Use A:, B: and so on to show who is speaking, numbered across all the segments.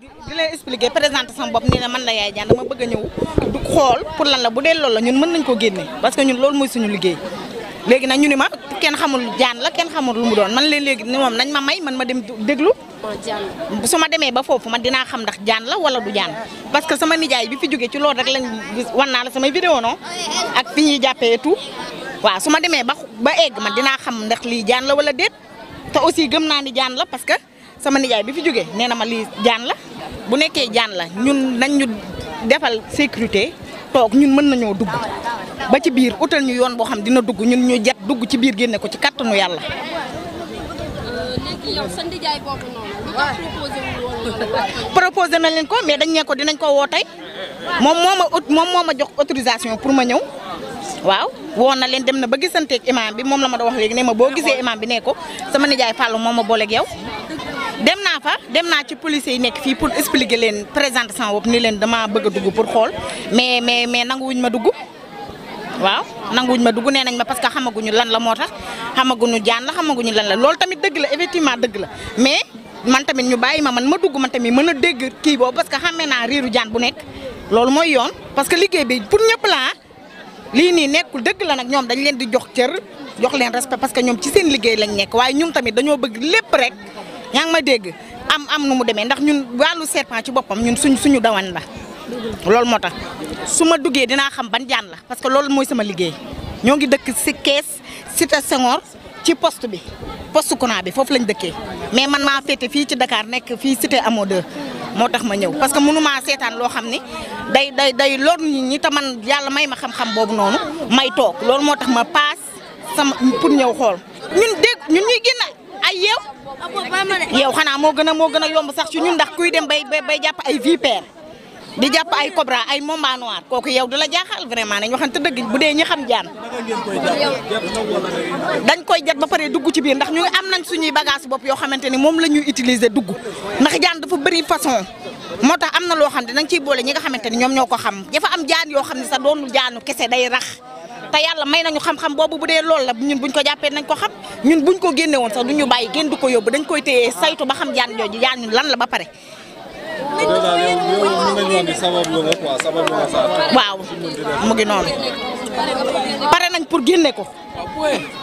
A: di leen expliquer présenter sama bopp nii ne man la yaay jaan dama bëgg a ñëw du xool pour lan la bu dee loolu la ñun mën nañ ko génne parce que ñun loolu mooy suñu liggéey léegi nag ñu ni ma kenn xamul jaan la kenn xamul lu mu doon man leen léegi ni moom nañ ma may man ma dem déglu oh, su ma demee ba foofu man dinaa xam ndax jaan la wala du jaan parce que sama nijaay bi fi jógee ci loolu rek wan naa la samay vidéo non ak fi ñuy jàppee tout waaw su ma demee ba ba egg man dinaa xam ndax lii jaan la wala déet te aussi gëm naa ni jaan la parce que sama nijaay bi fi jógee nee na ma li jaan la bu nekkee jaan la ñun nañ ñu defal sécurité toog ñun mën nañoo dugg ba ci biir utal ñu yoon boo xam dina dugg ñun ñu jet dugg ci biir génne ko ci kàttanu yàlla. léegi yow sa ndijaay boobu noonu. lu tax proposé wu woon proposé na leen ko mais dañ ne ko dinañ ko woo tey moom moo ma moom moo ma jox autorisation pour ma ñëw. waaw woo na leen dem na ba gisanteeg imam bi moom la ma doon wax léegi ne ma boo gisee imam bi ne ko sama nijaay Fallou moo ma booleeg yow. dem naa fa dem naa ci policiers yi nekk fii pour expliquer leen présenter sama bopp ni leen dama bëgg a dugg pour xool mais mais mais nanguwuñ ma dugg waaw nanguwuñ ma dugg nee nañ ma parce que xamaguñu lan la moo tax xamaguñu jaan la xamaguñu lan la loolu tamit dëgg la effectivement dëgg la mais man tamit ñu bàyyi ma man ma dugg man tamit mën a dégg kii boobu parce que xamee naa riiru jaan bu nekk loolu mooy yoon parce que liggéey bi pour ñëpp laa ah, lii nii nekkul dëgg la nag ñoom dañ leen di jox cër jox leen respect parce que ñoom ci seen liggéey lañ nekk waaye ñun tamit dañoo bëgg lépp rek yang ngi ma am am nu mu demee ndax ñun walu serpent ci bopam ñun suñu suñu dawan la lool motax suma duggé dina xam ban jaan la parce que lool moy sama liggéey ñoo ngi dëkk si kees cité Senghor ci poste bi poste Kona bi fofu lañ dëkke mais man ma fété fi ci Dakar nek fi cité Amo 2 motax ma ñew parce que mënu maa seetaan loo ni day day day lor nit ñi ta man yalla may ma xam-xam bobu nonu may tok lool motax ma paas sama pour ñew xol ñun dégg ñun ñuy génn ay yew yow xanaa moo gën a moo gën a yomb sax ci ñun ndax kuy dem bay bay jàpp ay vipère di jàpp ay cobra ay mamba noir kooku yow du la jaaxal vraiment nañ waxante dëgg bu dee ñi xam jaan dañ koy jat ba pare dugg ci biir ndax ñu am nañ suñuy bagage bopp yoo xamante ni moom la ñuy utiliser dugg ndax jaan dafa bëri façon moo tax am na loo xam ne dañ ciy boole ñi nga xamante ni ñoom ñoo ko xam jafa am jaan yoo xam ne sax doonul jaanu kese day rax te yàlla may nañu xam-xam boobu bu dee loolu la ñun buñ ko jàppee nañ ko xam ñun buñ ko génne woon sax du ñu bàyyi génn du ko yóbbu dañ koy téye saytu ba xam jaan jooju jaan ñun lan la ba pare waaw mu ngi noonu pare nañ pour génne ko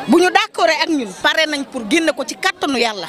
A: bu ñu d'accord ak ñun pare nañ pour génne ko ci kàttanu yàlla